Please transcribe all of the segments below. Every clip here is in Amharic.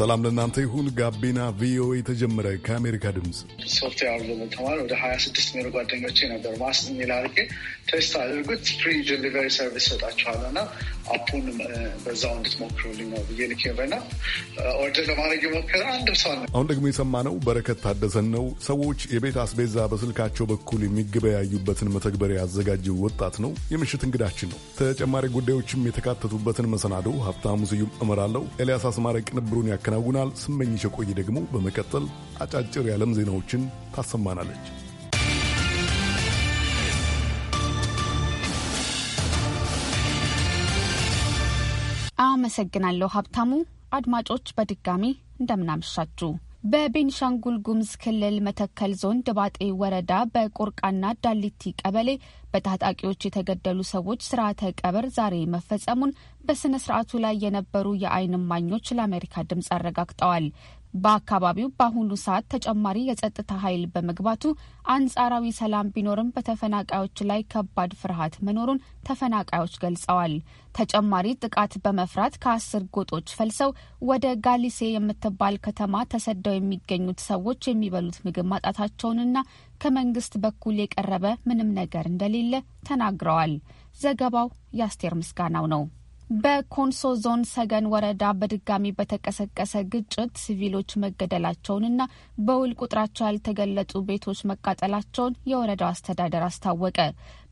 ሰላም ለእናንተ ይሁን። ጋቢና ቪኦኤ ተጀመረ ከአሜሪካ ድምፅ ሶፍትዌር በመተማር ወደ 26 ስድስት ሚሮ ጓደኞቼ ነበር ማስ ሚል አድርጌ ቴስት አድርጉት ፍሪ ዴሊቨሪ ሰርቪስ ሰጣችኋል እና አፑን በዛው እንድትሞክሩልኝ ነው ብዬ ኦርደር ለማድረግ የሞከረ አንድም ሰው አሁን ደግሞ የሰማነው በረከት ታደሰን ነው። ሰዎች የቤት አስቤዛ በስልካቸው በኩል የሚገበያዩበትን መተግበሪያ ያዘጋጀው ወጣት ነው የምሽት እንግዳችን ነው። ተጨማሪ ጉዳዮችም የተካተቱበትን መሰናዶ ሀብታሙ ስዩም እመራለሁ። ኤልያስ አስማረ ቅንብሩን ያከናውናል። ስመኝሽ ደግሞ በመቀጠል አጫጭር የዓለም ዜናዎችን ታሰማናለች። አመሰግናለሁ ሀብታሙ። አድማጮች በድጋሚ እንደምናመሻችሁ። በቤንሻንጉል ጉምዝ ክልል መተከል ዞን ድባጤ ወረዳ በቆርቃና ዳሊቲ ቀበሌ በታጣቂዎች የተገደሉ ሰዎች ስርዓተ ቀብር ዛሬ መፈጸሙን በስነ ስርዓቱ ላይ የነበሩ የዓይን እማኞች ለአሜሪካ ድምፅ አረጋግጠዋል። በአካባቢው በአሁኑ ሰዓት ተጨማሪ የጸጥታ ኃይል በመግባቱ አንጻራዊ ሰላም ቢኖርም በተፈናቃዮች ላይ ከባድ ፍርሃት መኖሩን ተፈናቃዮች ገልጸዋል። ተጨማሪ ጥቃት በመፍራት ከአስር ጎጦች ፈልሰው ወደ ጋሊሴ የምትባል ከተማ ተሰደው የሚገኙት ሰዎች የሚበሉት ምግብ ማጣታቸውንና ከመንግስት በኩል የቀረበ ምንም ነገር እንደሌለ ተናግረዋል። ዘገባው የአስቴር ምስጋናው ነው። በኮንሶ ዞን ሰገን ወረዳ በድጋሚ በተቀሰቀሰ ግጭት ሲቪሎች መገደላቸውንና በውል ቁጥራቸው ያልተገለጹ ቤቶች መቃጠላቸውን የወረዳው አስተዳደር አስታወቀ።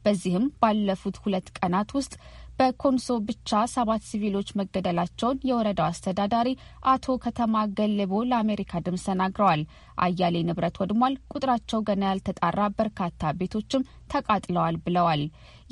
በዚህም ባለፉት ሁለት ቀናት ውስጥ በኮንሶ ብቻ ሰባት ሲቪሎች መገደላቸውን የወረዳው አስተዳዳሪ አቶ ከተማ ገልቦ ለአሜሪካ ድምፅ ተናግረዋል። አያሌ ንብረት ወድሟል፣ ቁጥራቸው ገና ያልተጣራ በርካታ ቤቶችም ተቃጥለዋል ብለዋል።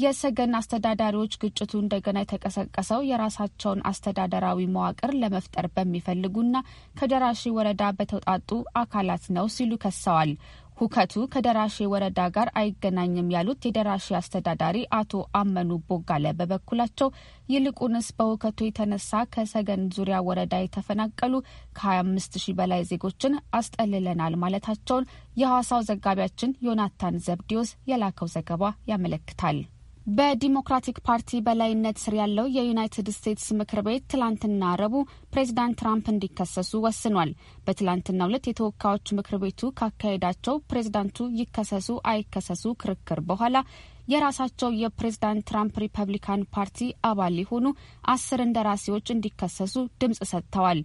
የሰገን አስተዳዳሪዎች ግጭቱ እንደገና የተቀሰቀሰው የራሳቸውን አስተዳደራዊ መዋቅር ለመፍጠር በሚፈልጉና ከደራሺ ወረዳ በተውጣጡ አካላት ነው ሲሉ ከሰዋል። ሁከቱ ከደራሼ ወረዳ ጋር አይገናኝም ያሉት የደራሼ አስተዳዳሪ አቶ አመኑ ቦጋለ በበኩላቸው ይልቁንስ በሁከቱ የተነሳ ከሰገን ዙሪያ ወረዳ የተፈናቀሉ ከ25 በላይ ዜጎችን አስጠልለናል ማለታቸውን የሐዋሳው ዘጋቢያችን ዮናታን ዘብዲዮስ የላከው ዘገባ ያመለክታል። በዲሞክራቲክ ፓርቲ በላይነት ስር ያለው የዩናይትድ ስቴትስ ምክር ቤት ትላንትና ረቡ ፕሬዚዳንት ትራምፕ እንዲከሰሱ ወስኗል። በትላንትናው ዕለት የተወካዮች ምክር ቤቱ ካካሄዳቸው ፕሬዚዳንቱ ይከሰሱ አይከሰሱ ክርክር በኋላ የራሳቸው የፕሬዝዳንት ትራምፕ ሪፐብሊካን ፓርቲ አባል የሆኑ አስር እንደራሴዎች እንዲከሰሱ ድምጽ ሰጥተዋል።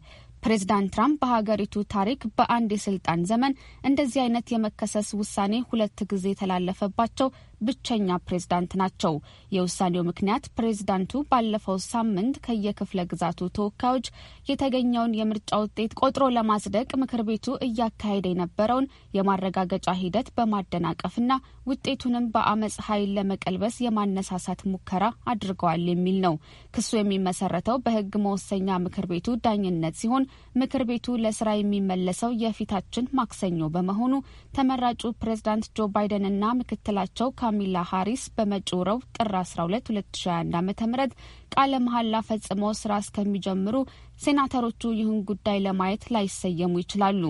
ፕሬዝዳንት ትራምፕ በሀገሪቱ ታሪክ በአንድ የስልጣን ዘመን እንደዚህ አይነት የመከሰስ ውሳኔ ሁለት ጊዜ የተላለፈባቸው ብቸኛ ፕሬዝዳንት ናቸው። የውሳኔው ምክንያት ፕሬዝዳንቱ ባለፈው ሳምንት ከየክፍለ ግዛቱ ተወካዮች የተገኘውን የምርጫ ውጤት ቆጥሮ ለማጽደቅ ምክር ቤቱ እያካሄደ የነበረውን የማረጋገጫ ሂደት በማደናቀፍና ውጤቱንም በአመፅ ኃይል ለመቀልበስ የማነሳሳት ሙከራ አድርገዋል የሚል ነው። ክሱ የሚመሰረተው በህግ መወሰኛ ምክር ቤቱ ዳኝነት ሲሆን ምክር ቤቱ ለስራ የሚመለሰው የፊታችን ማክሰኞ በመሆኑ ተመራጩ ፕሬዝዳንት ጆ ባይደንና ምክትላቸው ካሚላ ሃሪስ በመጪው ረቡዕ ጥር 12 2021 ዓ ም ቃለ መሐላ ፈጽመው ስራ እስከሚጀምሩ ሴናተሮቹ ይህን ጉዳይ ለማየት ላይሰየሙ ይችላሉ።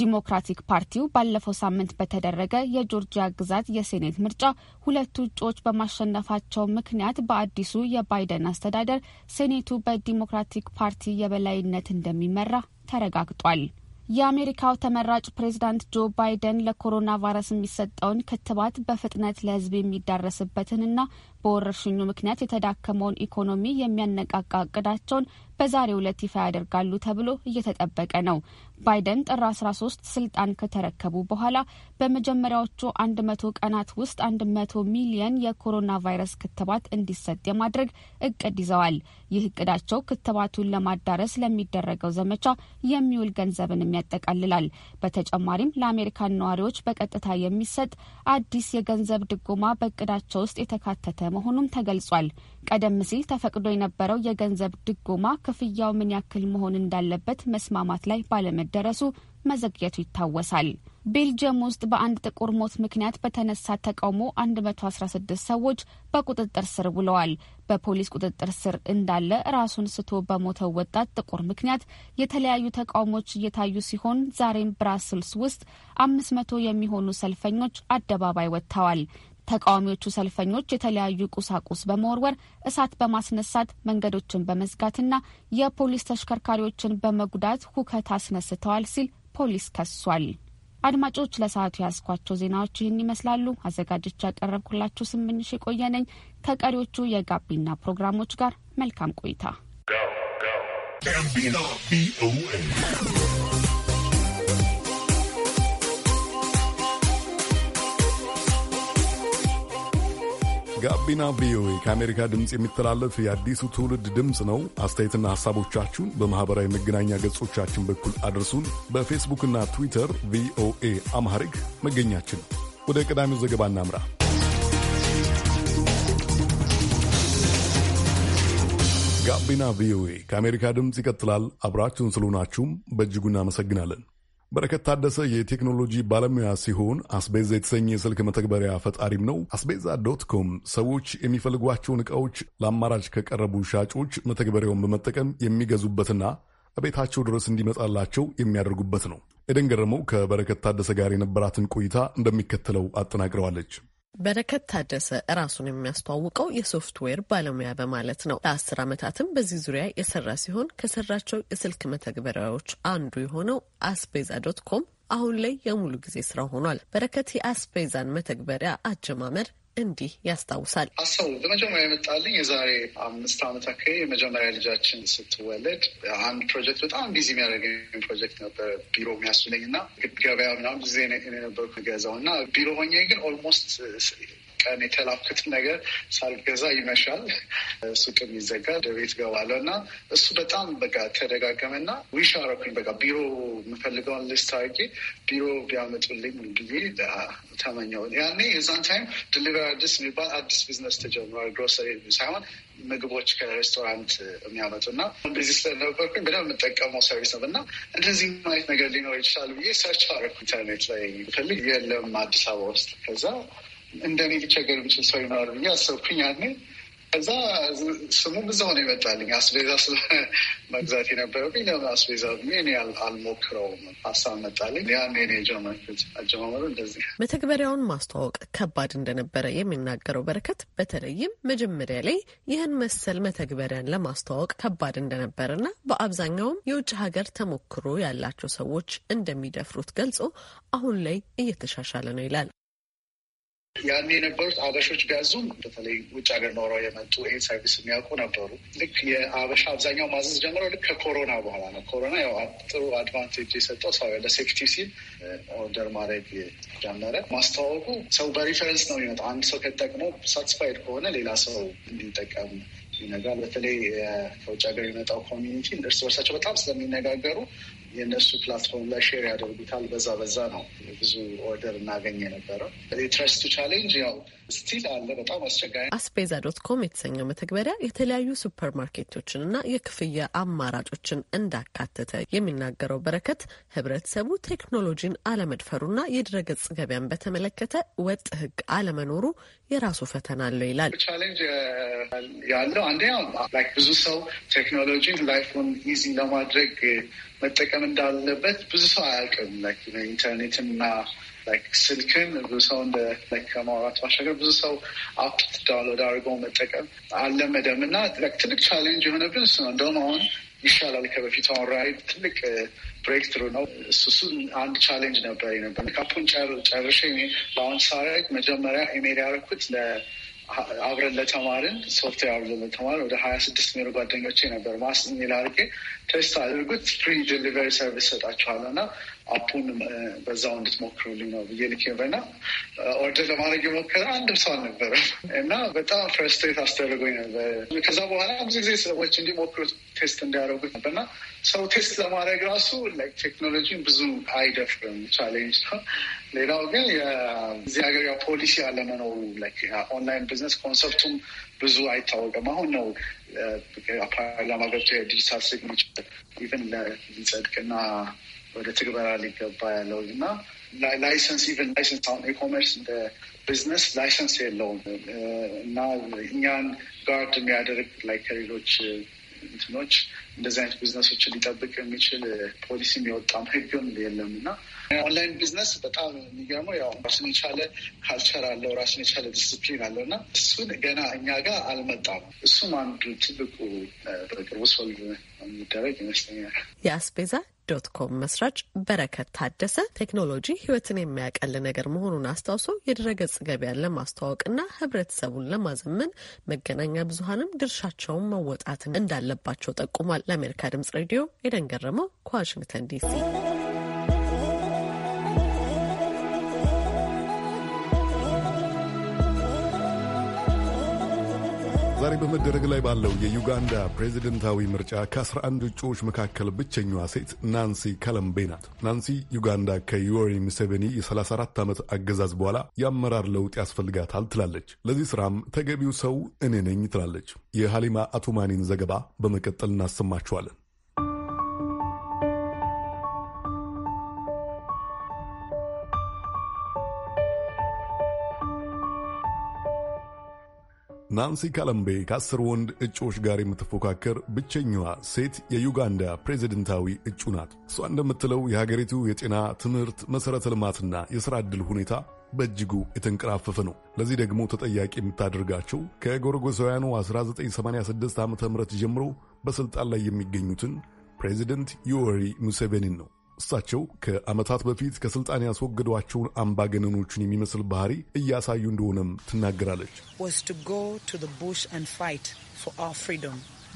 ዲሞክራቲክ ፓርቲው ባለፈው ሳምንት በተደረገ የጆርጂያ ግዛት የሴኔት ምርጫ ሁለቱ እጩዎች በማሸነፋቸው ምክንያት በአዲሱ የባይደን አስተዳደር ሴኔቱ በዲሞክራቲክ ፓርቲ የበላይነት እንደሚመራ ተረጋግጧል። የአሜሪካው ተመራጭ ፕሬዚዳንት ጆ ባይደን ለኮሮና ቫይረስ የሚሰጠውን ክትባት በፍጥነት ለሕዝብ የሚዳረስበትንና በወረርሽኙ ምክንያት የተዳከመውን ኢኮኖሚ የሚያነቃቃ እቅዳቸውን በዛሬው ዕለት ይፋ ያደርጋሉ ተብሎ እየተጠበቀ ነው። ባይደን ጥር 13 ስልጣን ከተረከቡ በኋላ በመጀመሪያዎቹ 100 ቀናት ውስጥ 100 ሚሊየን የኮሮና ቫይረስ ክትባት እንዲሰጥ የማድረግ እቅድ ይዘዋል። ይህ እቅዳቸው ክትባቱን ለማዳረስ ለሚደረገው ዘመቻ የሚውል ገንዘብንም ያጠቃልላል። በተጨማሪም ለአሜሪካን ነዋሪዎች በቀጥታ የሚሰጥ አዲስ የገንዘብ ድጎማ በእቅዳቸው ውስጥ የተካተተ መሆኑም ተገልጿል። ቀደም ሲል ተፈቅዶ የነበረው የገንዘብ ድጎማ ክፍያው ምን ያክል መሆን እንዳለበት መስማማት ላይ ባለመደረሱ መዘግየቱ ይታወሳል። ቤልጅየም ውስጥ በአንድ ጥቁር ሞት ምክንያት በተነሳ ተቃውሞ 116 ሰዎች በቁጥጥር ስር ውለዋል። በፖሊስ ቁጥጥር ስር እንዳለ ራሱን ስቶ በሞተው ወጣት ጥቁር ምክንያት የተለያዩ ተቃውሞች እየታዩ ሲሆን ዛሬም ብራስልስ ውስጥ 500 የሚሆኑ ሰልፈኞች አደባባይ ወጥተዋል። ተቃዋሚዎቹ ሰልፈኞች የተለያዩ ቁሳቁስ በመወርወር እሳት በማስነሳት መንገዶችን በመዝጋትና የፖሊስ ተሽከርካሪዎችን በመጉዳት ሁከት አስነስተዋል ሲል ፖሊስ ከሷል። አድማጮች ለሰዓቱ ያስኳቸው ዜናዎች ይህን ይመስላሉ። አዘጋጆች ያቀረብኩላችሁ ስምንሽ የቆየ ነኝ። ከቀሪዎቹ የጋቢና ፕሮግራሞች ጋር መልካም ቆይታ። ጋቢና ቪኦኤ ከአሜሪካ ድምፅ የሚተላለፍ የአዲሱ ትውልድ ድምፅ ነው። አስተያየትና ሐሳቦቻችሁን በማኅበራዊ መገናኛ ገጾቻችን በኩል አድርሱን። በፌስቡክና ትዊተር ቪኦኤ አምሃሪክ መገኛችን። ወደ ቀዳሚው ዘገባ እናምራ። ጋቢና ቪኦኤ ከአሜሪካ ድምፅ ይቀጥላል። አብራችሁን ስለሆናችሁም በእጅጉ እናመሰግናለን። በረከት ታደሰ የቴክኖሎጂ ባለሙያ ሲሆን አስቤዛ የተሰኘ የስልክ መተግበሪያ ፈጣሪም ነው። አስቤዛ ዶት ኮም ሰዎች የሚፈልጓቸውን እቃዎች ለአማራጭ ከቀረቡ ሻጮች መተግበሪያውን በመጠቀም የሚገዙበትና ቤታቸው ድረስ እንዲመጣላቸው የሚያደርጉበት ነው። ኤደን ገረመው ከበረከት ታደሰ ጋር የነበራትን ቆይታ እንደሚከተለው አጠናቅረዋለች። በረከት ታደሰ ራሱን የሚያስተዋውቀው የሶፍትዌር ባለሙያ በማለት ነው። ለአስር ዓመታትም በዚህ ዙሪያ የሰራ ሲሆን ከሰራቸው የስልክ መተግበሪያዎች አንዱ የሆነው አስቤዛ ዶት ኮም አሁን ላይ የሙሉ ጊዜ ስራ ሆኗል። በረከት የአስቤዛን መተግበሪያ አጀማመር እንዲህ ያስታውሳል። ሀሳቡ በመጀመሪያ የመጣልኝ የዛሬ አምስት ዓመት አካባቢ የመጀመሪያ ልጃችን ስትወለድ አንድ ፕሮጀክት በጣም ቢዚ የሚያደርገኝ ፕሮጀክት ነበር። ቢሮ የሚያስችለኝ እና ገበያ ምናምን ጊዜ የነበርኩ ገዛው እና ቢሮ ሆኜ ግን ኦልሞስት ቀን የተላኩት ነገር ሳልገዛ ይመሻል፣ ሱቅም ይዘጋል፣ ወደ ቤት ገባለሁ እና እሱ በጣም በቃ ተደጋገመና ዊሽ አረኩኝ። በቃ ቢሮ የምፈልገውን ልስት አድርጌ ቢሮ ቢያመጡልኝ ጊዜ ተመኘው። ያኔ የዛን ታይም ድሊቨሪ አዲስ የሚባል አዲስ ቢዝነስ ተጀምሯል። ግሮሰሪ ሳይሆን ምግቦች ከሬስቶራንት የሚያመጡ እና እንደዚህ ስለነበርኩኝ በደንብ የምጠቀመው ሰርቪስ ነው እና እንደዚህ ማየት ነገር ሊኖር ይችላል ብዬ ሰርች አረኩ ኢንተርኔት ላይ ፈልግ የለም አዲስ አበባ ውስጥ ከዛ እንደኔ ሊቸገር የሚችል ሰው ይኖራል ብዬ አሰብኩኝ። ያኔ ከዛ ስሙ እዛው ነው ይመጣልኝ። አስቤዛ መግዛት የነበረብኝ ለምን አስቤዛ እኔ አልሞክረውም ሀሳብ መጣልኝ። ያኔ ኔ የጀመርኩት አጀማመሩ እንደዚህ። መተግበሪያውን ማስተዋወቅ ከባድ እንደነበረ የሚናገረው በረከት በተለይም መጀመሪያ ላይ ይህን መሰል መተግበሪያን ለማስተዋወቅ ከባድ እንደነበረና በአብዛኛውም የውጭ ሀገር ተሞክሮ ያላቸው ሰዎች እንደሚደፍሩት ገልጾ አሁን ላይ እየተሻሻለ ነው ይላል። ያኔ የነበሩት አበሾች ቢያዙም በተለይ ውጭ ሀገር ኖረው የመጡ ይህን ሰርቪስ የሚያውቁ ነበሩ። ልክ የአበሻ አብዛኛው ማዘዝ ጀምረው ልክ ከኮሮና በኋላ ነው። ኮሮና ያው ጥሩ አድቫንቴጅ የሰጠው ሰው ለሴፍቲ ሲል ኦርደር ማድረግ ጀመረ። ማስተዋወቁ ሰው በሪፈረንስ ነው የሚመጣው አንድ ሰው ከተጠቅሞ ሳትስፋይድ ከሆነ ሌላ ሰው እንዲጠቀም ይነጋል። በተለይ ከውጭ ሀገር የመጣው ኮሚኒቲ እርስ በርሳቸው በጣም ስለሚነጋገሩ የእነሱ ፕላትፎርም ላይ ሼር ያደርጉታል። በዛ በዛ ነው ብዙ ኦርደር እናገኝ የነበረው የትረስቱ ቻሌንጅ ያው ስቲል አለ። በጣም አስቸጋሪ አስፔዛ ዶት ኮም የተሰኘው መተግበሪያ የተለያዩ ሱፐር ማርኬቶችንና የክፍያ አማራጮችን እንዳካተተ የሚናገረው በረከት ህብረተሰቡ ቴክኖሎጂን አለመድፈሩና የድረገጽ ገበያን በተመለከተ ወጥ ህግ አለመኖሩ የራሱ ፈተና አለው ይላል። ቻሌንጅ ያለው አንደኛው ብዙ ሰው ቴክኖሎጂን ላይፉን ኢዚ ለማድረግ መጠቀም እንዳለበት ብዙ ሰው አያውቅም ኢንተርኔትና ስልክን ብዙ ሰው እንደ ከማውራት ባሻገር ብዙ ሰው አፕ ዳውንሎድ አድርገው መጠቀም አለመደም እና ትልቅ ቻሌንጅ የሆነብን እሱ ነው። እንደውም አሁን ይሻላል ከበፊት አሁን ራይድ ትልቅ ብሬክ uh, ትሩ ነው። እሱሱን አንድ ቻሌንጅ ነበር ነበር ካፑን ጨርሼ በአሁን ሳሪያ መጀመሪያ ኢሜል ያደረኩት አብረን ለተማርን ሶፍትዌር አብረን ለተማር ወደ ሀያ ስድስት ሚሮ ጓደኞቼ ነበር ማስ ሚል አድርጌ ቴስት አድርጉት ፍሪ ዴሊቨሪ ሰርቪስ ሰጣችኋለሁ እና አፑን በዛው እንድትሞክሩልኝ ነው ብዬ ልኬ በና ኦርደር ለማድረግ የሞከረ አንድም ሰው አልነበረም እና በጣም ፍረስትሬት አስደርጎኝ ነበር። ከዛ በኋላ ብዙ ጊዜ ሰዎች እንዲሞክሩት ቴስት እንዲያደርጉት ነበርና ሰው ቴስት ለማድረግ ራሱ ቴክኖሎጂን ብዙ አይደፍርም ቻሌንጅ ነው። ሌላው ግን እዚህ ሀገር ያው ፖሊሲ አለመኖሩ ኦንላይን ቢዝነስ ኮንሰፕቱም ብዙ አይታወቅም። አሁን ነው ፓርላማ ገብቶ የዲጂታል ሲግኔቸር ኢቨን ሊጸድቅና ወደ ትግበራ ሊገባ ያለው እና ላይሰንስ ኢቨን ላይሰንስ አሁን ኢኮመርስ እንደ ቢዝነስ ላይሰንስ የለውም እና እኛን ጋርድ የሚያደርግ ላይ ከሌሎች እንትኖች እንደዚህ አይነት ቢዝነሶች ሊጠብቅ የሚችል ፖሊሲም የወጣም ህግም የለም እና ኦንላይን ቢዝነስ በጣም የሚገርመው ያው ራሱን የቻለ ካልቸር አለው፣ ራሱን የቻለ ዲስፕሊን አለው እና እሱን ገና እኛ ጋር አልመጣም። እሱም አንዱ ትልቁ በቅርቡ ሶልቭ የሚደረግ ይመስለኛል። የአስቤዛ ዶት ኮም መስራች በረከት ታደሰ ቴክኖሎጂ ሕይወትን የሚያቀል ነገር መሆኑን አስታውሶ የድረገጽ ገበያን ለማስተዋወቅና ህብረተሰቡን ለማዘመን መገናኛ ብዙሀንም ድርሻቸውን መወጣት እንዳለባቸው ጠቁሟል። ለአሜሪካ ድምጽ ሬዲዮ ኤደን ገረመው ከዋሽንግተን ዲሲ ዛሬ በመደረግ ላይ ባለው የዩጋንዳ ፕሬዚደንታዊ ምርጫ ከ11 እጩዎች መካከል ብቸኛዋ ሴት ናንሲ ከለምቤ ናት። ናንሲ ዩጋንዳ ከዩወሪ ሙሴቬኒ የ34 ዓመት አገዛዝ በኋላ የአመራር ለውጥ ያስፈልጋታል ትላለች። ለዚህ ስራም ተገቢው ሰው እኔ ነኝ ትላለች። የሃሊማ አቱማኒን ዘገባ በመቀጠል እናሰማችኋለን። ናንሲ ካለምቤ ከአስር ወንድ እጩዎች ጋር የምትፎካከር ብቸኛዋ ሴት የዩጋንዳ ፕሬዚደንታዊ እጩ ናት። እሷ እንደምትለው የሀገሪቱ የጤና ትምህርት፣ መሠረተ ልማትና የሥራ ዕድል ሁኔታ በእጅጉ የተንቀራፈፈ ነው። ለዚህ ደግሞ ተጠያቂ የምታደርጋቸው ከጎረጎሳውያኑ 1986 ዓ ም ጀምሮ በሥልጣን ላይ የሚገኙትን ፕሬዚደንት ዩወሪ ሙሴቬኒን ነው። እሳቸው ከዓመታት በፊት ከስልጣን ያስወገዷቸውን አምባገነኖችን የሚመስል ባህሪ እያሳዩ እንደሆነም ትናገራለች።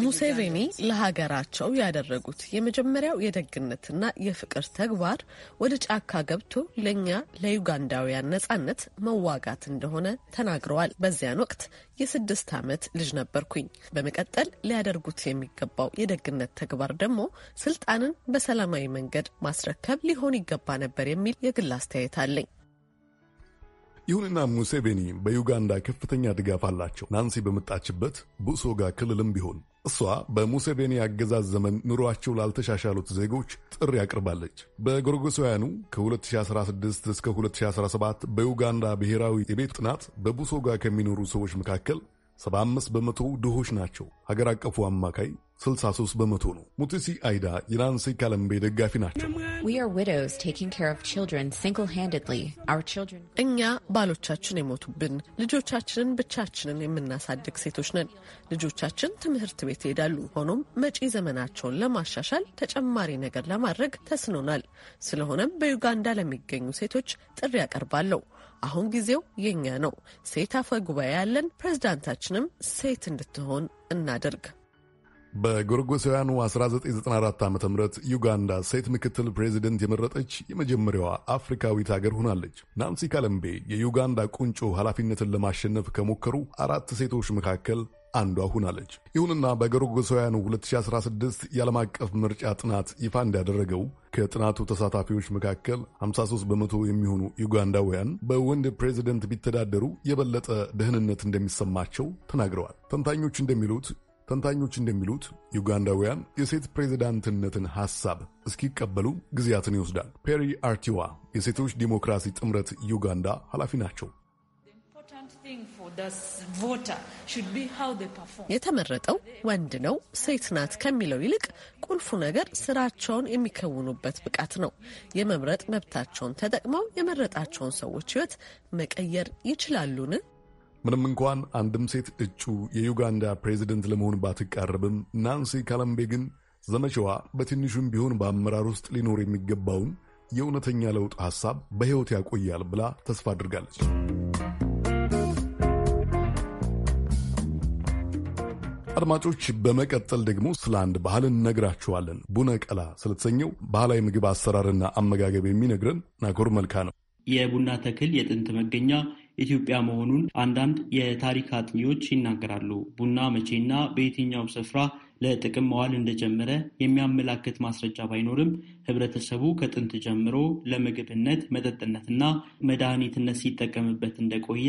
ሙሴቬኒ ለሀገራቸው ያደረጉት የመጀመሪያው የደግነትና የፍቅር ተግባር ወደ ጫካ ገብቶ ለእኛ ለዩጋንዳውያን ነጻነት መዋጋት እንደሆነ ተናግረዋል። በዚያን ወቅት የስድስት ዓመት ልጅ ነበርኩኝ። በመቀጠል ሊያደርጉት የሚገባው የደግነት ተግባር ደግሞ ስልጣንን በሰላማዊ መንገድ ማስረከብ ሊሆን ይገባ ነበር የሚል የግል አስተያየት አለኝ። ይሁንና ሙሴቬኒ በዩጋንዳ ከፍተኛ ድጋፍ አላቸው። ናንሲ በመጣችበት ቡሶጋ ክልልም ቢሆን እሷ በሙሴቬኒ አገዛዝ ዘመን ኑሯቸው ላልተሻሻሉት ዜጎች ጥሪ አቅርባለች። በጎርጎሳውያኑ ከ2016 እስከ 2017 በዩጋንዳ ብሔራዊ የቤት ጥናት በቡሶጋ ከሚኖሩ ሰዎች መካከል 75 በመቶ ድሆች ናቸው። ሀገር አቀፉ አማካይ 63 በመቶ ነው። ሙቲሲ አይዳ የናንሲ ካለምቤ ደጋፊ ናቸው። እኛ ባሎቻችን የሞቱብን ልጆቻችንን ብቻችንን የምናሳድግ ሴቶች ነን። ልጆቻችን ትምህርት ቤት ይሄዳሉ። ሆኖም መጪ ዘመናቸውን ለማሻሻል ተጨማሪ ነገር ለማድረግ ተስኖናል። ስለሆነም በዩጋንዳ ለሚገኙ ሴቶች ጥሪ ያቀርባለው። አሁን ጊዜው የእኛ ነው። ሴት አፈ ጉባኤ ያለን ፕሬዝዳንታችንም ሴት እንድትሆን እናደርግ። በጎርጎሳውያኑ 1994 ዓ ም ዩጋንዳ ሴት ምክትል ፕሬዚደንት የመረጠች የመጀመሪያዋ አፍሪካዊት ሀገር ሆናለች። ናንሲ ካለምቤ የዩጋንዳ ቁንጮ ኃላፊነትን ለማሸነፍ ከሞከሩ አራት ሴቶች መካከል አንዷ ሁናለች። ይሁንና በጎረጎሳውያኑ 2016 የዓለም አቀፍ ምርጫ ጥናት ይፋ እንዳደረገው ከጥናቱ ተሳታፊዎች መካከል 53 በመቶ የሚሆኑ ዩጋንዳውያን በወንድ ፕሬዚደንት ቢተዳደሩ የበለጠ ደህንነት እንደሚሰማቸው ተናግረዋል። ተንታኞች እንደሚሉት ተንታኞች እንደሚሉት ዩጋንዳውያን የሴት ፕሬዚዳንትነትን ሐሳብ እስኪቀበሉ ጊዜያትን ይወስዳል። ፔሪ አርቲዋ የሴቶች ዲሞክራሲ ጥምረት ዩጋንዳ ኃላፊ ናቸው። የተመረጠው ወንድ ነው ሴት ናት ከሚለው ይልቅ ቁልፉ ነገር ስራቸውን የሚከውኑበት ብቃት ነው። የመምረጥ መብታቸውን ተጠቅመው የመረጣቸውን ሰዎች ሕይወት መቀየር ይችላሉን? ምንም እንኳን አንድም ሴት እጩ የዩጋንዳ ፕሬዚደንት ለመሆን ባትቃረብም ናንሲ ካለምቤ ግን ዘመቻዋ በትንሹም ቢሆን በአመራር ውስጥ ሊኖር የሚገባውን የእውነተኛ ለውጥ ሐሳብ በሕይወት ያቆያል ብላ ተስፋ አድርጋለች። አድማጮች በመቀጠል ደግሞ ስለ አንድ ባህል እንነግራችኋለን። ቡነ ቀላ ስለተሰኘው ባህላዊ ምግብ አሰራርና አመጋገብ የሚነግረን ናኮር መልካ ነው። የቡና ተክል የጥንት መገኛ ኢትዮጵያ መሆኑን አንዳንድ የታሪክ አጥኚዎች ይናገራሉ። ቡና መቼና በየትኛው ስፍራ ለጥቅም መዋል እንደጀመረ የሚያመላክት ማስረጃ ባይኖርም ህብረተሰቡ ከጥንት ጀምሮ ለምግብነት፣ መጠጥነትና መድኃኒትነት ሲጠቀምበት እንደቆየ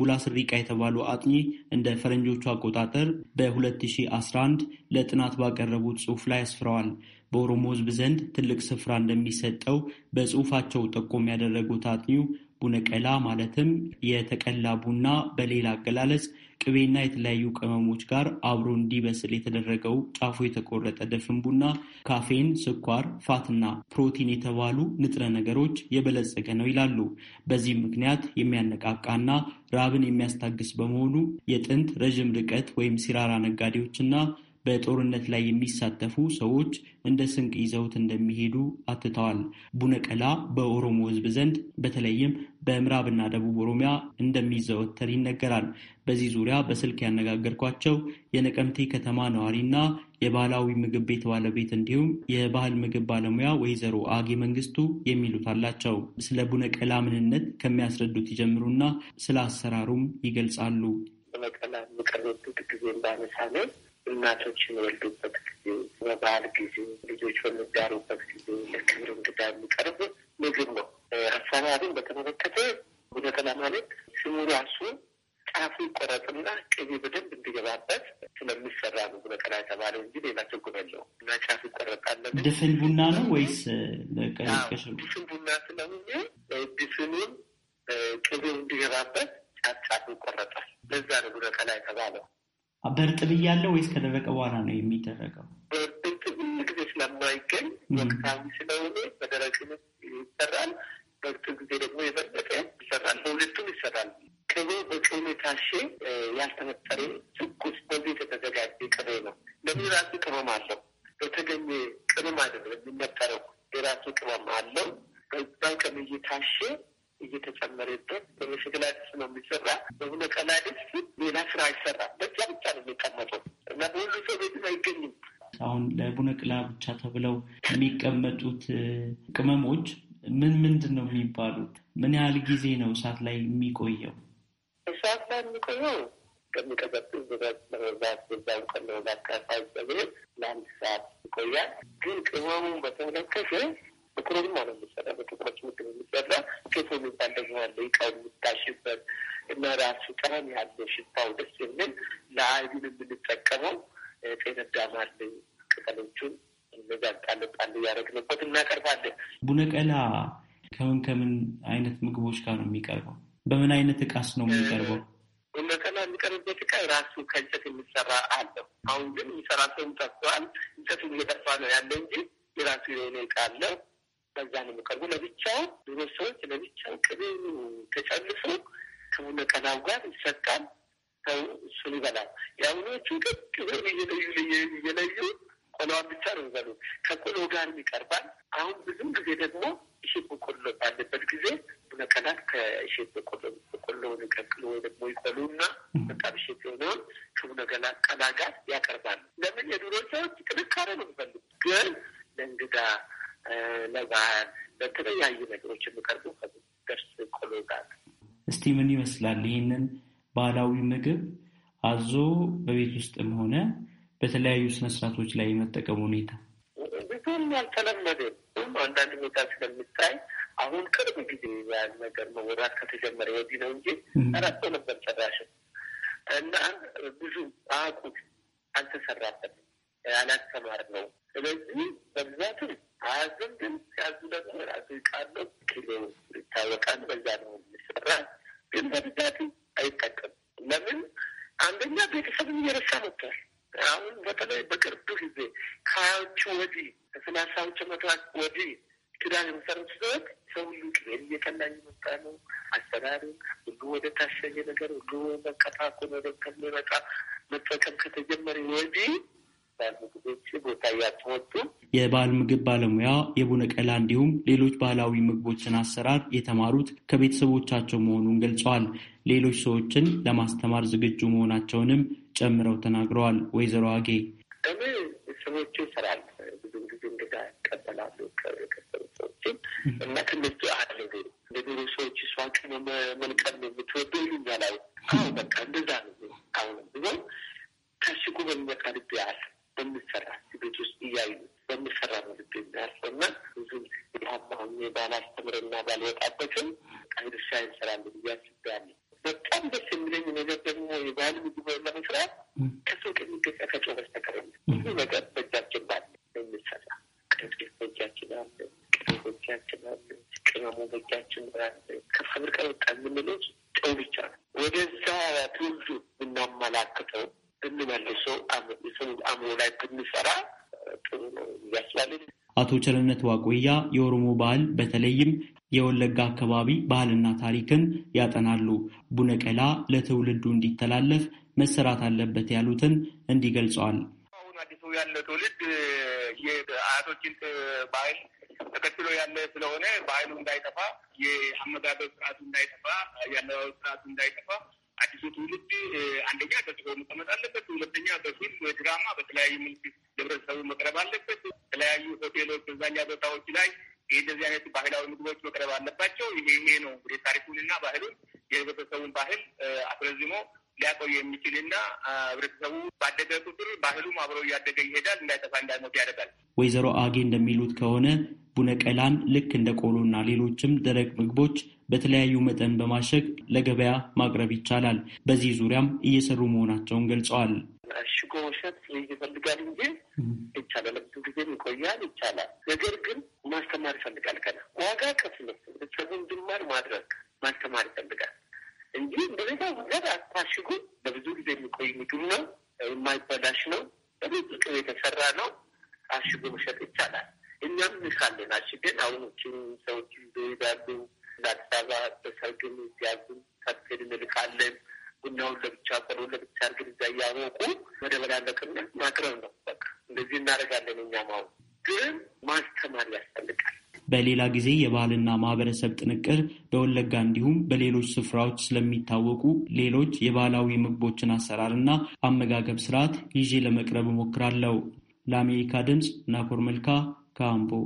ቡላስሪቃ የተባሉ አጥኚ እንደ ፈረንጆቹ አቆጣጠር በ2011 ለጥናት ባቀረቡት ጽሑፍ ላይ አስፍረዋል። በኦሮሞ ህዝብ ዘንድ ትልቅ ስፍራ እንደሚሰጠው በጽሑፋቸው ጠቆም ያደረጉት አጥኚው ቡነቀላ ማለትም የተቀላ ቡና በሌላ አገላለጽ ቅቤና የተለያዩ ቅመሞች ጋር አብሮ እንዲበስል የተደረገው ጫፉ የተቆረጠ ድፍን ቡና ካፌን፣ ስኳር፣ ፋትና ፕሮቲን የተባሉ ንጥረ ነገሮች የበለጸገ ነው ይላሉ። በዚህም ምክንያት የሚያነቃቃና ራብን የሚያስታግስ በመሆኑ የጥንት ረዥም ርቀት ወይም ሲራራ ነጋዴዎችና በጦርነት ላይ የሚሳተፉ ሰዎች እንደ ስንቅ ይዘውት እንደሚሄዱ አትተዋል። ቡነቀላ በኦሮሞ ሕዝብ ዘንድ በተለይም በምዕራብና ደቡብ ኦሮሚያ እንደሚዘወተር ይነገራል። በዚህ ዙሪያ በስልክ ያነጋገርኳቸው የነቀምቴ ከተማ ነዋሪና የባህላዊ ምግብ ቤት ባለቤት እንዲሁም የባህል ምግብ ባለሙያ ወይዘሮ አጌ መንግስቱ የሚሉት አላቸው። ስለ ቡነቀላ ምንነት ከሚያስረዱት ይጀምሩና ስለ አሰራሩም ይገልጻሉ። ቡነቀላ የሚቀርበበት ጊዜ እንዳነሳ ነው እናቶች የሚወልዱበት ጊዜ፣ በባህል ጊዜ፣ ልጆች በሚዳሩበት ጊዜ ለክብር እንግዳ የሚቀርብ ምግብ ነው። አሰራሩን በተመለከተ ጉደተና ማለት ስሙ ራሱ ጫፉ ይቆረጥና ቅቤ በደንብ እንዲገባበት ስለሚሰራ ነው ጉደተና የተባለው እንጂ ሌላ ችግር የለው እና ጫፉ ይቆረጣል። ድፍን ቡና ነው ወይስ ድፍን ቡና ስለሆነ ድፍኑን ቅቤ እንዲገባበት ጫፍ ጫፉ ይቆረጣል። በዛ ነው ጉደተና የተባለው። በእርጥብ እያለ ወይስ ከደረቀ በኋላ ነው የሚደረገው? በእርጥብ ብዙ ጊዜ ስለማይገኝ ወቅታዊ ስለሆነ በደረቅ ይሰራል። በእርጥብ ጊዜ ደግሞ የበለጠ ይሰራል። በሁለቱም ይሰራል። ቅቤ በቅቤ ታሼ ያልተፈጠረ ትኩስ በዚህ የተዘጋጀ ቅቤ ነው። ለምን ራሱ ቅመም አለው። በተገኘ ቅመም አይደለም የሚመጠረው፣ የራሱ ቅመም አለው። በዛው ቅቤ እየታሼ እየተጨመረበት በመሸክላ ድስት ነው የሚሰራ። በሁነ ቀላ ሌላ ስራ ይሰራል። አሁን ለቡነ ቅላ ብቻ ተብለው የሚቀመጡት ቅመሞች ምን ምንድን ነው የሚባሉት? ምን ያህል ጊዜ ነው እሳት ላይ የሚቆየው? እሳት ላይ የሚቆየው ከሚቀጠጡ ድረስ ለመብላት በዛ እንኳን ለመብላት ከፋ ጸብሬ ለአንድ ሰዓት ይቆያል። ግን ቅመሙ በተመለከተ በክሮም ነው የሚሰራ በጥቁሮች ምግብ የሚሰራ ኬቶ የሚባል ደግሞ አለ። ይቃ የሚታሽበት እና ራሱ ጣም ያለው ሽታው ደስ የሚል ለአይን የምንጠቀመው ጤነዳም አለኝ ቅጠሎቹን እነዛ ጣል ጣል እያደረግንበት እናቀርባለን። ቡነቀላ ከምን ከምን አይነት ምግቦች ጋር ነው የሚቀርበው? በምን አይነት እቃስ ነው የሚቀርበው? ቡነቀላ የሚቀርብበት እቃ ራሱ ከእንጨት የሚሰራ አለው። አሁን ግን የሚሰራ ሰውም ጠፍተዋል። እንጨቱ እየጠፋ ነው ያለ እንጂ የራሱ የሆነ እቃ አለው። በዛ ነው የሚቀርቡ ለብቻው ድሮ ሰዎች ለብቻው ቅቤ ተጨልሶ ከቡነቀላው ጋር ይሰጣል። ሰው እሱን ይበላል። የአሁኖቹ ግን ቅቤ ልዩ ልዩ ልዩ እየለዩ ቆሎዋን ብቻ ነው ይበሉ። ከቆሎ ጋር ይቀርባል። አሁን ብዙም ጊዜ ደግሞ እሺ በቆሎ ባለበት ጊዜ ቡነቀላት ከእሺ በቆሎ በቆሎ ንቀቅሎ ወይ ደግሞ ይበሉና በቃ ብሽት የሆነውን ከቡነገላ ቀላ ጋር ያቀርባሉ። ለምን የዱሮ ሰዎች ጥንካሬ ነው የሚፈልጉ፣ ግን ለእንግዳ ለባህል ለተለያዩ ነገሮች የሚቀርቡ ከደርስ ቆሎ ጋር እስቲ ምን ይመስላል? ይህንን ባህላዊ ምግብ አዞ በቤት ውስጥም ሆነ በተለያዩ ስነስርዓቶች ላይ የመጠቀሙ ሁኔታ ብዙም ያልተለመደ አንዳንድ ሁኔታ ስለሚታይ አሁን ቅርብ ጊዜ ያን ነገር መወራት ከተጀመረ ወዲህ ነው እንጂ አራት ነበር ጨራሽ እና ብዙ አቁት አልተሰራበትም አላስተማር ነው። ስለዚህ በብዛትም አያዝም፣ ግን ሲያዙ ደግሞ ራሱ ቃለው ኪሎ ይታወቃል። በዛ ነው የሚሰራ ግን በብዛትም አይጠቀም። ለምን አንደኛ ቤተሰብን እየረሳ መጥቷል። አሁን በተለይ በቅርብ ጊዜ ከሀያዎቹ ወዲህ ከሰላሳዎቹ መቶች ወዲህ ትዳር የመሰረቱ ሰዎች ሰው ሁሉ ቅቤን እየቀላኝ መጣ ነው። አሰራሩ ሁሉ ወደ ታሸገ ነገር ሁሉ መቀፋኮን ነገር ከሚመጣ መጠቀም ከተጀመረ ወዲህ የሚባል ምግቦች ቦታ እያተወጡ የባህል ምግብ ባለሙያ የቡነ ቀላ እንዲሁም ሌሎች ባህላዊ ምግቦችን አሰራር የተማሩት ከቤተሰቦቻቸው መሆኑን ገልጸዋል። ሌሎች ሰዎችን ለማስተማር ዝግጁ መሆናቸውንም ጨምረው ተናግረዋል። ወይዘሮ አጌ እኔ ሰዎቹ ይሰራል ብዙ ጊዜ እንግዳ ይቀበላሉ ሰዎችን እና ትንሽ አድርገ እንደሚሉ ሰዎች እሷ ቀን መልቀም የምትወደ ይሉኛል። አሁ በቃ እንደዛ ነው። አሁንም ቢሆን ከሽጉ በሚመጣ ልብ ያል በሚሰራ ቤት ውስጥ እያዩ በሚሰራ ምግብ ልብ የሚያርሰው እና ብዙም የሀባሁን ባላስተምርና ባል ወጣበትም ቀንድሻ ብዬ አስቤያለሁ። በጣም ደስ የሚለኝ ነገር ደግሞ የባህል ምግብ ለመስራት ከሱቅ የሚገዛ ከጨው በስተቀር ብዙ ነገር በእጃችን ባለ የሚሰራ ቅርጤት በእጃችን አለ፣ ቅቤ በእጃችን አለ፣ ቅመሙ በእጃችን አለ። ከፋብሪካ ወጣ የምንለው ጨው ብቻ ነው። ወደዛ ትውልዱ የምናመላክተው ብንመልሶ አእምሮ ላይ ብንሰራ ጥሩ ነው እያስባለን። አቶ ቸርነት ዋቆያ የኦሮሞ ባህል በተለይም የወለጋ አካባቢ ባህልና ታሪክን ያጠናሉ። ቡነቀላ ለትውልዱ እንዲተላለፍ መሰራት አለበት ያሉትን እንዲህ ገልጸዋል። አሁን አዲሱ ያለ ትውልድ የአያቶችን ባህል ተከትሎ ያለ ስለሆነ ባህሉ እንዳይጠፋ፣ የአመጋገብ ስርዓቱ እንዳይጠፋ፣ የአለባበስ ስርዓቱ እንዳይጠፋ አዲሱ ትውልድ አንደኛ ተጽፎ መቀመጥ አለበት። ሁለተኛ በፊልም በድራማ በተለያዩ መልክ ህብረተሰቡ መቅረብ አለበት። የተለያዩ ሆቴሎች፣ መዝናኛ ቦታዎች ላይ እንደዚህ አይነት ባህላዊ ምግቦች መቅረብ አለባቸው። ይሄ ይሄ ነው እንግዲህ ታሪኩንና ባህሉን የህብረተሰቡን ባህል አስረዝሞ ሊያቆይ የሚችልና ህብረተሰቡ ባደገ ቁጥር ባህሉም አብረው እያደገ ይሄዳል፣ እንዳይጠፋ እንዳይሞት ያደርጋል። ወይዘሮ አጌ እንደሚሉት ከሆነ ቡነቀላን ልክ እንደ ቆሎ ዳቦና ሌሎችም ደረቅ ምግቦች በተለያዩ መጠን በማሸግ ለገበያ ማቅረብ ይቻላል። በዚህ ዙሪያም እየሰሩ መሆናቸውን ገልጸዋል። እሽጎ መሸጥ ይፈልጋል እንጂ ይቻላል። ለብዙ ጊዜም ይቆያል፣ ይቻላል። ነገር ግን ማስተማር ይፈልጋል። ከና ዋጋ ከፍሎ ቤተሰቡን ድማር ማድረግ ማስተማር ይፈልጋል እንጂ እንደዛ ነገር አታሽጉ። በብዙ ጊዜ የሚቆይ ምግብ ነው፣ የማይበላሽ ነው፣ በብዙ ውስጥ የተሰራ ነው። አሽጎ መሸጥ ይቻላል። እኛም እንሻለን አሽገን አሁን ሰዎች ይዞ ይሄዳሉ። ለአዲስ አበባ በሰርግም ሲያዙ ሰብስድ እንልካለን። ቡናውን ለብቻ ቆሎን ለብቻ እርግን እዛ እያወቁ መደበላለቅና ማቅረብ ነው። በቃ እንደዚህ እናደርጋለን። እኛም አሁን ግን ማስተማር ያስፈልጋል። በሌላ ጊዜ የባህልና ማህበረሰብ ጥንቅር በወለጋ እንዲሁም በሌሎች ስፍራዎች ስለሚታወቁ ሌሎች የባህላዊ ምግቦችን አሰራርና አመጋገብ ስርዓት ይዤ ለመቅረብ እሞክራለሁ። ለአሜሪካ ድምፅ ናኮር መልካ campo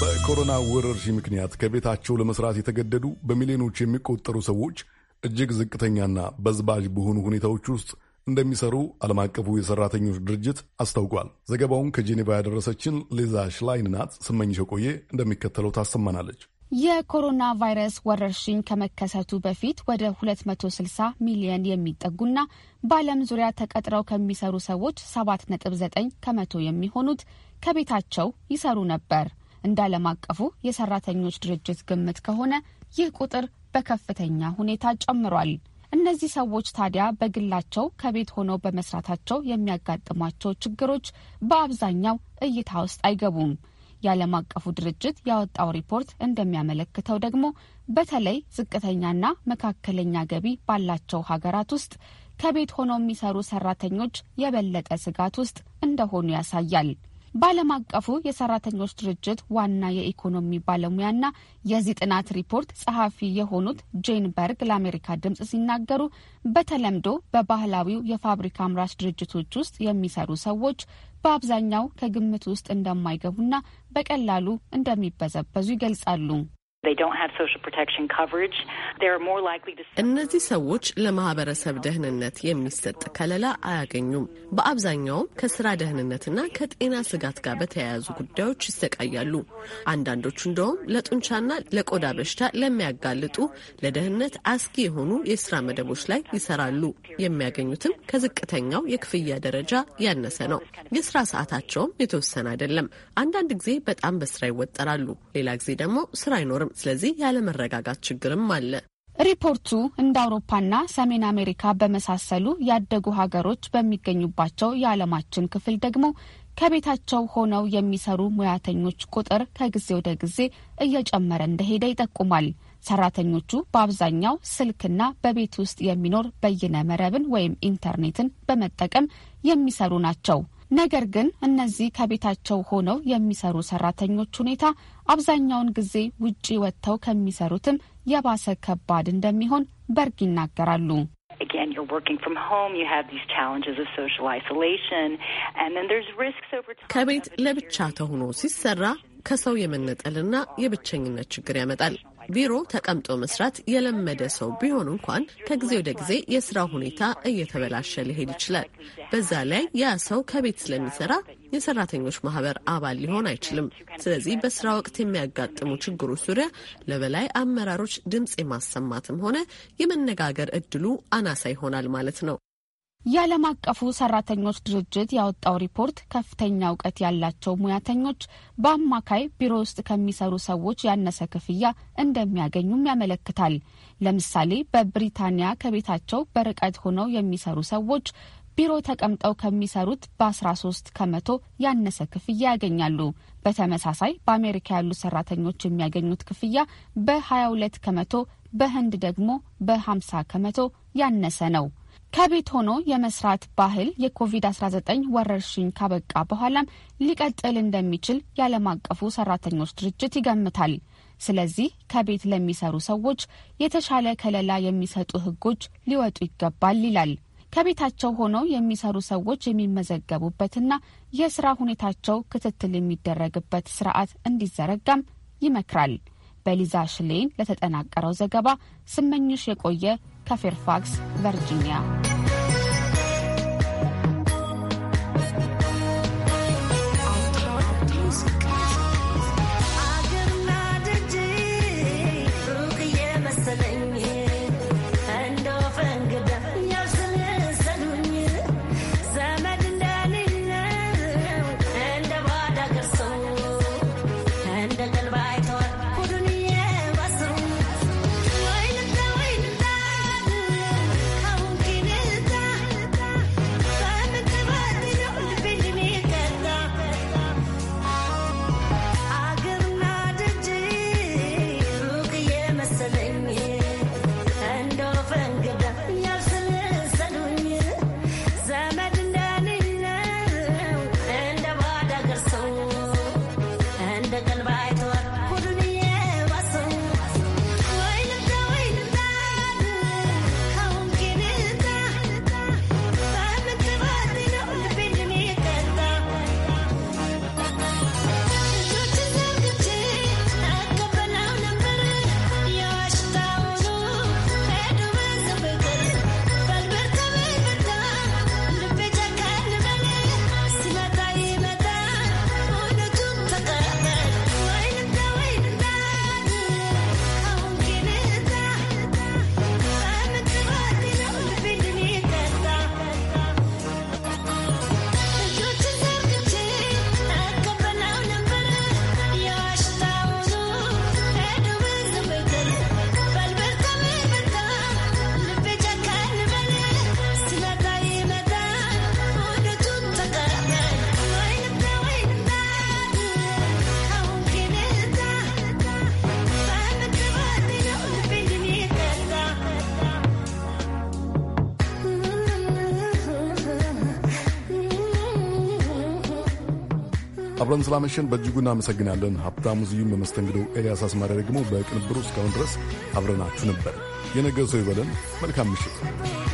በኮሮና ወረርሽኝ ምክንያት ከቤታቸው ለመስራት የተገደዱ በሚሊዮኖች የሚቆጠሩ ሰዎች እጅግ ዝቅተኛና በዝባዥ በሆኑ ሁኔታዎች ውስጥ እንደሚሰሩ ዓለም አቀፉ የሰራተኞች ድርጅት አስታውቋል። ዘገባውን ከጄኔቫ ያደረሰችን ሌዛ ሽላይን ናት። ስመኝሽ ቆየ እንደሚከተለው ታሰማናለች። የኮሮና ቫይረስ ወረርሽኝ ከመከሰቱ በፊት ወደ 260 ሚሊየን የሚጠጉና በዓለም ዙሪያ ተቀጥረው ከሚሰሩ ሰዎች 7.9 ከመቶ የሚሆኑት ከቤታቸው ይሰሩ ነበር። እንደ ዓለም አቀፉ የሰራተኞች ድርጅት ግምት ከሆነ ይህ ቁጥር በከፍተኛ ሁኔታ ጨምሯል። እነዚህ ሰዎች ታዲያ በግላቸው ከቤት ሆነው በመስራታቸው የሚያጋጥሟቸው ችግሮች በአብዛኛው እይታ ውስጥ አይገቡም። የዓለም አቀፉ ድርጅት ያወጣው ሪፖርት እንደሚያመለክተው ደግሞ በተለይ ዝቅተኛና መካከለኛ ገቢ ባላቸው ሀገራት ውስጥ ከቤት ሆነው የሚሰሩ ሰራተኞች የበለጠ ስጋት ውስጥ እንደሆኑ ያሳያል። በዓለም አቀፉ የሰራተኞች ድርጅት ዋና የኢኮኖሚ ባለሙያና የዚህ ጥናት ሪፖርት ጸሐፊ የሆኑት ጄን በርግ ለአሜሪካ ድምጽ ሲናገሩ በተለምዶ በባህላዊው የፋብሪካ አምራች ድርጅቶች ውስጥ የሚሰሩ ሰዎች በአብዛኛው ከግምት ውስጥ እንደማይገቡና በቀላሉ እንደሚበዘበዙ ይገልጻሉ። እነዚህ ሰዎች ለማህበረሰብ ደህንነት የሚሰጥ ከለላ አያገኙም። በአብዛኛውም ከስራ ደህንነትና ከጤና ስጋት ጋር በተያያዙ ጉዳዮች ይሰቃያሉ። አንዳንዶቹ እንደውም ለጡንቻና ለቆዳ በሽታ ለሚያጋልጡ ለደህንነት አስጊ የሆኑ የስራ መደቦች ላይ ይሰራሉ። የሚያገኙትም ከዝቅተኛው የክፍያ ደረጃ ያነሰ ነው። የስራ ሰዓታቸውም የተወሰነ አይደለም። አንዳንድ ጊዜ በጣም በስራ ይወጠራሉ፣ ሌላ ጊዜ ደግሞ ስራ አይኖርም። ስለዚህ ያለመረጋጋት ችግርም አለ። ሪፖርቱ እንደ አውሮፓና ሰሜን አሜሪካ በመሳሰሉ ያደጉ ሀገሮች በሚገኙባቸው የዓለማችን ክፍል ደግሞ ከቤታቸው ሆነው የሚሰሩ ሙያተኞች ቁጥር ከጊዜ ወደ ጊዜ እየጨመረ እንደሄደ ይጠቁማል። ሰራተኞቹ በአብዛኛው ስልክና በቤት ውስጥ የሚኖር በይነ መረብን ወይም ኢንተርኔትን በመጠቀም የሚሰሩ ናቸው። ነገር ግን እነዚህ ከቤታቸው ሆነው የሚሰሩ ሰራተኞች ሁኔታ አብዛኛውን ጊዜ ውጪ ወጥተው ከሚሰሩትም የባሰ ከባድ እንደሚሆን በርግ ይናገራሉ። ከቤት ለብቻ ተሆኖ ሲሰራ ከሰው የመነጠልና የብቸኝነት ችግር ያመጣል። ቢሮ ተቀምጦ መስራት የለመደ ሰው ቢሆን እንኳን ከጊዜ ወደ ጊዜ የስራ ሁኔታ እየተበላሸ ሊሄድ ይችላል። በዛ ላይ ያ ሰው ከቤት ስለሚሰራ የሰራተኞች ማህበር አባል ሊሆን አይችልም። ስለዚህ በስራ ወቅት የሚያጋጥሙ ችግሮች ዙሪያ ለበላይ አመራሮች ድምፅ የማሰማትም ሆነ የመነጋገር እድሉ አናሳ ይሆናል ማለት ነው። የዓለም አቀፉ ሰራተኞች ድርጅት ያወጣው ሪፖርት ከፍተኛ እውቀት ያላቸው ሙያተኞች በአማካይ ቢሮ ውስጥ ከሚሰሩ ሰዎች ያነሰ ክፍያ እንደሚያገኙም ያመለክታል። ለምሳሌ በብሪታንያ ከቤታቸው በርቀት ሆነው የሚሰሩ ሰዎች ቢሮ ተቀምጠው ከሚሰሩት በ13 ከመቶ ያነሰ ክፍያ ያገኛሉ። በተመሳሳይ በአሜሪካ ያሉ ሰራተኞች የሚያገኙት ክፍያ በ22 ከመቶ፣ በህንድ ደግሞ በ50 ከመቶ ያነሰ ነው። ከቤት ሆኖ የመስራት ባህል የኮቪድ-19 ወረርሽኝ ካበቃ በኋላም ሊቀጥል እንደሚችል የዓለም አቀፉ ሰራተኞች ድርጅት ይገምታል። ስለዚህ ከቤት ለሚሰሩ ሰዎች የተሻለ ከለላ የሚሰጡ ሕጎች ሊወጡ ይገባል ይላል። ከቤታቸው ሆነው የሚሰሩ ሰዎች የሚመዘገቡበትና የስራ ሁኔታቸው ክትትል የሚደረግበት ስርዓት እንዲዘረጋም ይመክራል። በሊዛ ሽሌን ለተጠናቀረው ዘገባ ስመኝሽ የቆየ ከፌርፋክስ ቨርጂኒያ አብረን ስላመሸን በእጅጉ እናመሰግናለን። ሀብታሙ ዝዩም በመስተንግዶው፣ ኤልያስ አስማሪ ደግሞ በቅንብሩ። እስካሁን ድረስ አብረናችሁ ነበር። የነገ ሰው ይበለን። መልካም ምሽት።